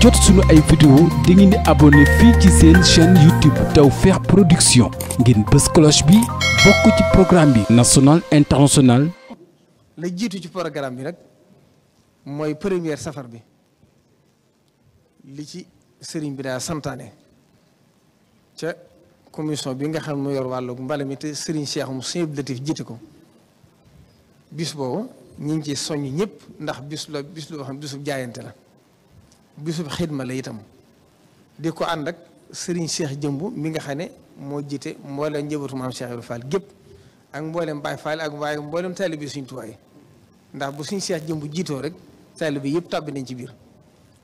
jot suñu ay vidéo da ngeen di abonné fii ci seen chaîne YouTube Tawfekh Production ngeen bës cloche bi bokk ci programme bi national international la jiitu ci programme bi nag mooy première safar bi li ci sëriñ bi daa santaane ca commission bi nga xam ne yor wàllu mbala mi te sëriñ Cheikh mu sëriñ Latif jiite ko bis boobu ñu ngi ci soññ ñëpp ndax bis la loo xam ne bisu jaayante la bisub xidma la itam di ko ànd ak sëriñ Cheikh Jëmb mi nga xam ne moo jiite mbooleem njëbatu maam Cheikh Ibra gépp ak mboolem Baye Fall ak waaye mboolem taalibe suñ tuwaay ndax bu suñ seex Jëmb jiitoo rek taalibe yëpp tàbbi nañ ci biir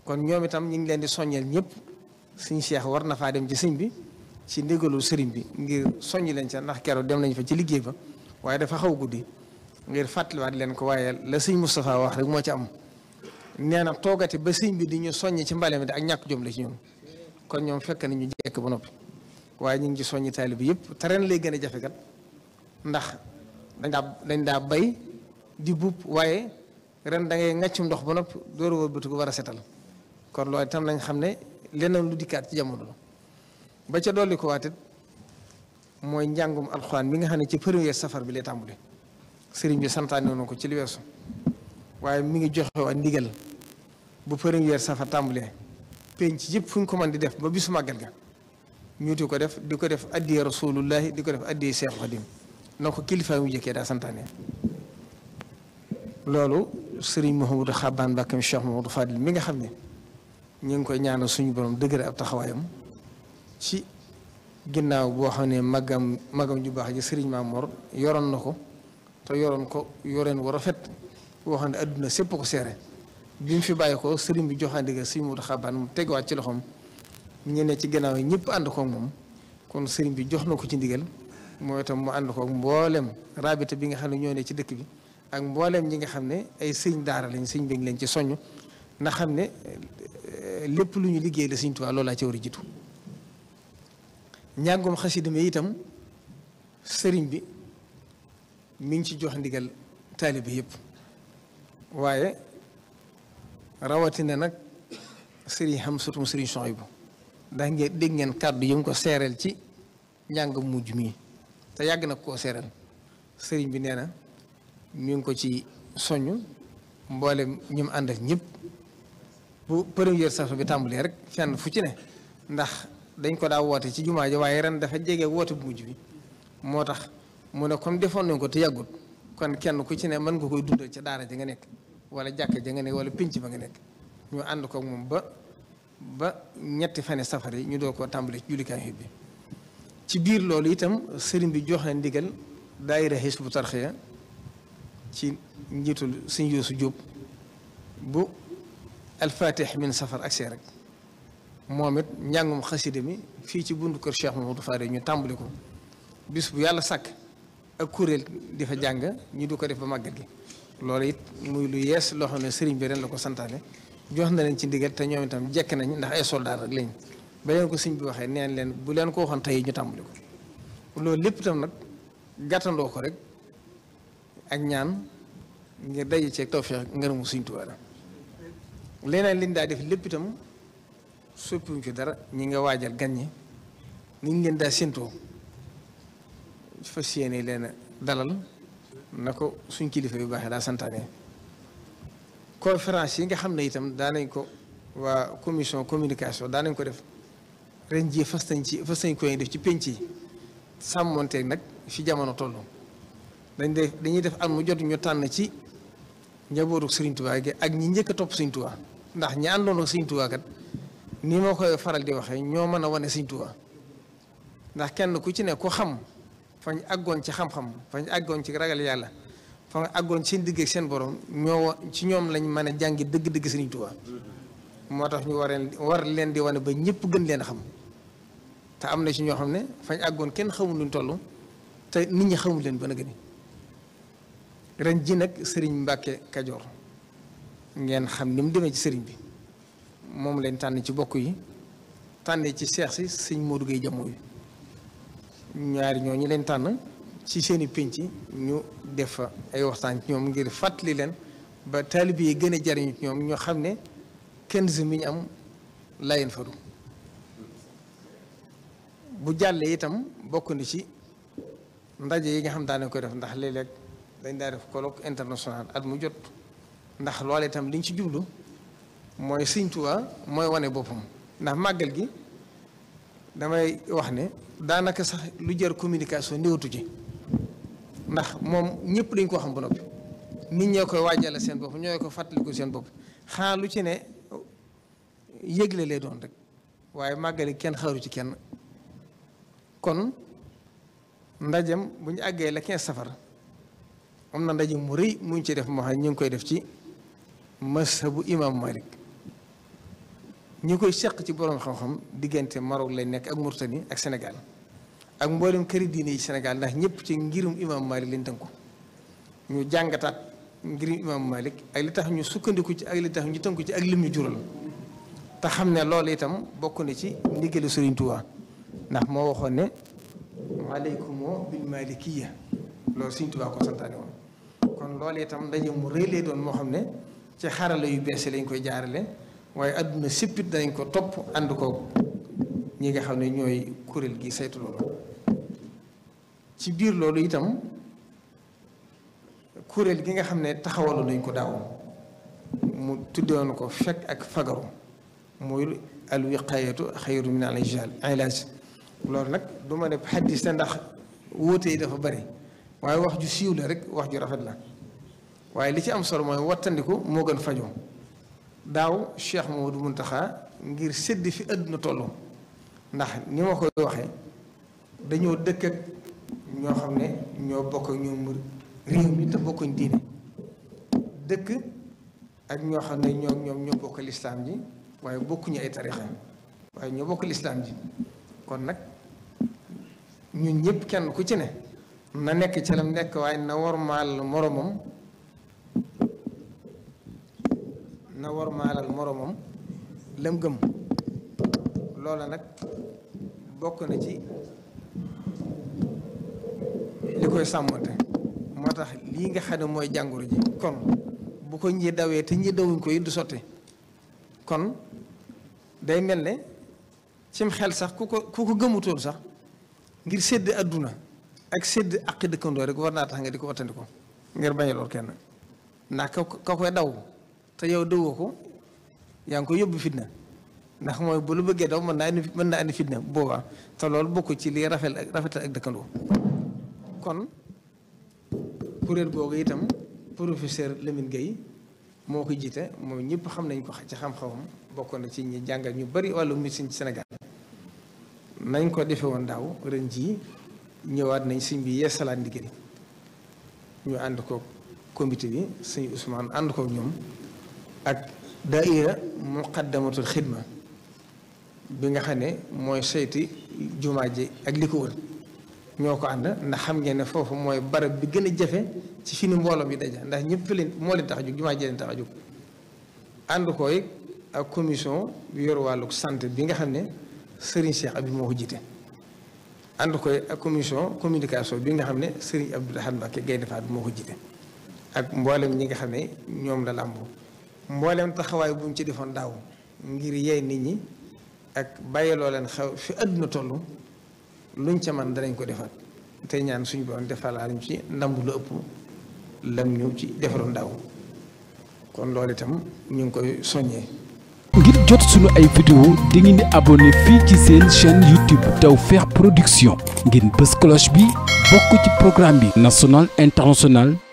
kon ñoom itam ñu ngi leen di soññeel ñëpp suñ Cheikh war na faa dem ci sëñ bi ci ndigalu sëriñ bi ngir soññ leen ca ndax keroog dem nañ fa ci liggéey ba waaye dafa xaw guddi ngir fàttaliwaat leen ko waaye la suñ Moustapha wax rek moo ci am nee na toogati ba sëñ bi di ñu soññ ci mbale mi ak ñàkk jom la ci ñoom kon ñoom fekk na ñu jekk ba noppi waaye ñu ngi ci soññi bi yëpp te ren lay gën a jafe kat ndax dañ daa dañ daa bay di buub waaye ren da ngay ŋàccum ndox ba nopp door a wëlbatiku war a setal kon loolu itam xam ne leneen lu dikkaat jamono ba ca dolli ko waatit mooy njàngum alxuraan bi nga xam ne ci premier safar bi lay tàmbule sëriñ bi santaane ko ci li weesu waaye mi ngi joxe waa ndigal bu première safar tàmbalee penc yëpp fu ñu ko mën di def ba bisu màggal ga ñu di ko def di ko def addiyee rasulullahi di ko def addiyee Cheikh Khadim na ko kilifa mu jëkkee daa santaane loolu Serigne Mouhamadou Xaban Mbakke Cheikh Mouhamadou Fadil mi nga xam ne ñu ngi koy ñaanal suñu borom dëgëral ab taxawaayam ci ginnaaw boo xam ne magam magam ju baax ji Serigne Mamor yoroon na ko te yoroon ko yoreen wu rafet boo xam ne adduna sépp ko seere bi mu fi bàyyi ko sëriñ bi joxaan ndigal sëriñ Modou Xaban mu tegawaat ci loxoom ñu ne ci gannaaw yi ñëpp ànd koog moom kon sëriñ bi jox na ko ci ndigal mooy itam mu ànd koog mbooleem rabita bi nga xam ne ñoo ne ci dëkk bi ak mboolem ñi nga xam ne ay sëriñ daara lañ sëriñ bi ngi leen ci soññ na xam ne eh, lépp lu ñu liggéey la sëriñ Tuubaa loolaa ci war a jiitu ñàngum xasida sëriñ bi mi ngi ci jox ndigal taalibe yëpp waaye. rawatina nag sëriñ xam surtout sëriñ Souhaïbou ndax ngeen dégg ngeen kàddu yi mu ko seereel ci njàng mujj mi te yàgg na koo seereel sëriñ bi nee na ñu ngi ko ci soññ mboole ñu mu àndal ñëpp bu première saison bi tàmbalee rek fenn fu ci ne ndax dañ ko daa woote ci jumaa ji waaye ren dafa jege woote bu mujj bi moo tax mu ne comme defoon nañ ko te yàggut kon kenn ku ci ne mën nga koy dundal ci daara ji nga nekk wala jàkk ja nga ne wala pinc ba nga nekk ñu ànd ko moom ba ba ñetti fane safar yi ñu doo ko tàmbali ci jullikaay bi ci biir loolu itam sëriñ bi jox na ndigal daayira bu Tarqiyyah ci njiitul sëñ Yuusu Jóob bu alfatih min safar ak see rek moom it njàngum xasida mi fii ci buntu kër Cheikh Mamadou Faare ñu tàmbali ko bis bu yàlla sàkk ak kuréel di fa jàng ñu du ko def ba màggal gi loolu it muy lu yees loo xam ne sëriñ bi ren la ko santaane jox na leen ci ndigal te ñoom itam jekk nañ ndax ay soldaar rek lañ ba leen ko sëriñ bi waxee neen leen bu leen ko waxoon tey ñu tàmbali ko loolu lépp nag gàttandoo ko rek ak ñaan ngir daje ceeg tawfeex ngërëmu sëriñ Tuubaa la leneen liñ daa def lépp itam soppiwuñ ko dara ñi nga waajal gan ñi ni ñu leen daa séentoo fas yéene leen dalal na ko suñ kilifa yu baaxee daa santane conférence yi nga xam ne itam daa nañ ko waa commission communication daa nañ ko def ren jii fas nañ ci fas nañ koy def ci penc yi sàmmonteeg nag fi jamono toll dañ def dañuy def am mu jot ñu tànn ci njabootu Serigne Touba gi ak ñi njëkk a topp Serigne Touba ndax ñi àndoon ak Serigne kat ni ma koy faral di waxee ñoo mën a wane Serigne Touba ndax kenn ku ci ne ku xam. fañ àggoon ci xam-xam fañ àggoon ci ragal yàlla fañ àggoon ci seen digg seen borom ñoo ci ñoom lañ mën a jàngi dëgg-dëgg Sëriñ Tuubaa moo tax ñu wareen war leen di wane ba ñëpp gën leen xam te am na si ñoo xam ne fañ àggoon kenn xamul luñ toll te nit ñi xamul leen ba na gëni ren ji nag sëriñ Mbàkke Kajoor ngeen xam ni mu demee ci sëriñ bi moom leen tànn ci bokk yi tànn ci seex si sëñ Modou Gueye jamoo yi ñaari ñoo ñu leen tànn ci seen i ñu def fa ay waxtaan ci ñoom ngir fàttali leen ba taalibe yi gën a jariñu ci ñoom ñoo xam ne kenz mi ñu am layen faru bu jàllee itam bokk na ci ndaje yi nga xam daane ko def ndax léeg-léeg dañ daa def colloque international at mu jot ndax loole itam liñ ci jublu mooy Sëñ Tuubaa mooy wane boppam ndax màggal gi damay wax ne daanaka sax lu jar communication néewatu ci ndax moom ñëpp dañ koo xam ba noppi nit ñoo koy waajale seen bopp ñoo ko fàttaliku seen bopp xanaa lu ci ne yëgle lee doon rek waaye màggali kenn xaaru ci kenn kon ndajam bu ñu àggee la 15 safar am na ndaje mu rëy mu ñu ci def moo xam ñu ngi koy def ci bu imaamu Malik ñi koy seq ci borom xam-xam diggante Maroc lay nekk ak Mauritanie ak Sénégal ak mboolem këri diine yi Sénégal ndax ñëpp ci ngirum imam Malik lañ tënku ñu jàngataat ngirum imam Malik ak li tax ñu sukkandiku ci ak li tax ñu tënku ci ak lim ñu jural te xam ne loolu itam bokk na ci ndigalu Sëriñ Tuubaa ndax moo waxoon ne maaleykum bil malikiyya loolu Sëriñ Tuubaa ko santaane woon kon loolu itam ndaje mu rëy lay doon moo xam ne ci xarala yu bees lañ koy jaarale waaye àdduna sippit dañ ko topp ànd ko ñi nga xam ne ñooy kuréel gi saytu loolu ci biir loolu itam kuréel gi nga xam ne taxawaloo dañ ko daaw mu tuddewoon ko fekk ak fagaru mooy al wiqaayatu xayru min al ilaaj loolu nag du ma ne xaddis na ndax wóote yi dafa bari waaye wax ju siiw la rek wax ju rafet la waaye li ci am solo mooy wattandiku moo gën fajoo daaw Cheikh Mamadou Mountakha ngir sédd fi àdduna toll ndax ni ma koy waxee dañoo dëkk ak ñoo xam ne ñoo bokk ñoom réew mi ak ñoo xam ne ñoo ñoom ñoo bokk lislaam ji waaye bokkuñu ay tarixa waaye ñoo bokk lislaam ji kon nag ñun ñëpp kenn ku ci ne na nekk ca lam nekk waaye na war wormaal moromam na war maalal moroomam lam gëm loola nag bokk na ci li koy sàmmante moo tax lii nga xam ne mooy jàngoro ji kon bu ko ñi dawee te ñi dawuñ ko it du sotti kon day mel ne cim xel sax ku ko ku ko gëmutoon sax ngir sedd àdduna ak sedd aqi dëkkandoo rek war naa tax nga di ko ottandi ko ngir bañaloor kenn ndax ka koy daw te yow dëggoo ko yaa ngi koy yóbbu fitna ndax mooy bu bëggee daw mën naa indi mën naa indi fitna booba te loolu bokk ci lii rafet ak rafetal ak dëkkandoo kon kuréel googu itam professeur Lamine Gueye moo ko jiite moom ñëpp xam nañ ko ci xam-xamam bokkoon na ci ñi jàngal ñu bari wàllu médecine ci Sénégal nañ ko defe woon daaw ren jii ñëwaat nañ siñ bi yeesalaat ndigal ñu ànd ko comité bi sëñ Ousmane ànd ko ñoom ak daaira muqaddamatul xidma bi nga xam ne mooy seyti jumaa ji ak li ko wër ñoo ko ànd ndax xam ngeen ne foofu mooy barab bi gën a jafe ci fi ni mbooloo mi daja ndax ñëpp fi leen moo leen tax a jóg jumaa ji ànd ko ak commission bi yor wàllu santé bi nga xam ne Serigne Cheikh Abib moo ko jiite ànd ko ak commission communication bi nga xam ne Serigne Abdou Lahad Mbacké Gaïndé Fatma moo ko jiite ak mboolem ñi nga xam ne ñoom la làmboo mboolem taxawaay buñ ci defoon daaw ngir yey nit ñi ak bàyyiloo leen xew fi àdduna toll luñ ca man danañ ko defar te ñaan suñu borom defalaale ci ndam lu ëpp lam ñu ci defaroon daaw kon lool itam ñu ngi koy soññee. ngir jot suñu ay vidéo di ngeen di abonné fii ci seen chaîne YouTube Tawfekh Production ngeen bës cloche bi bokk ci programme bi national international.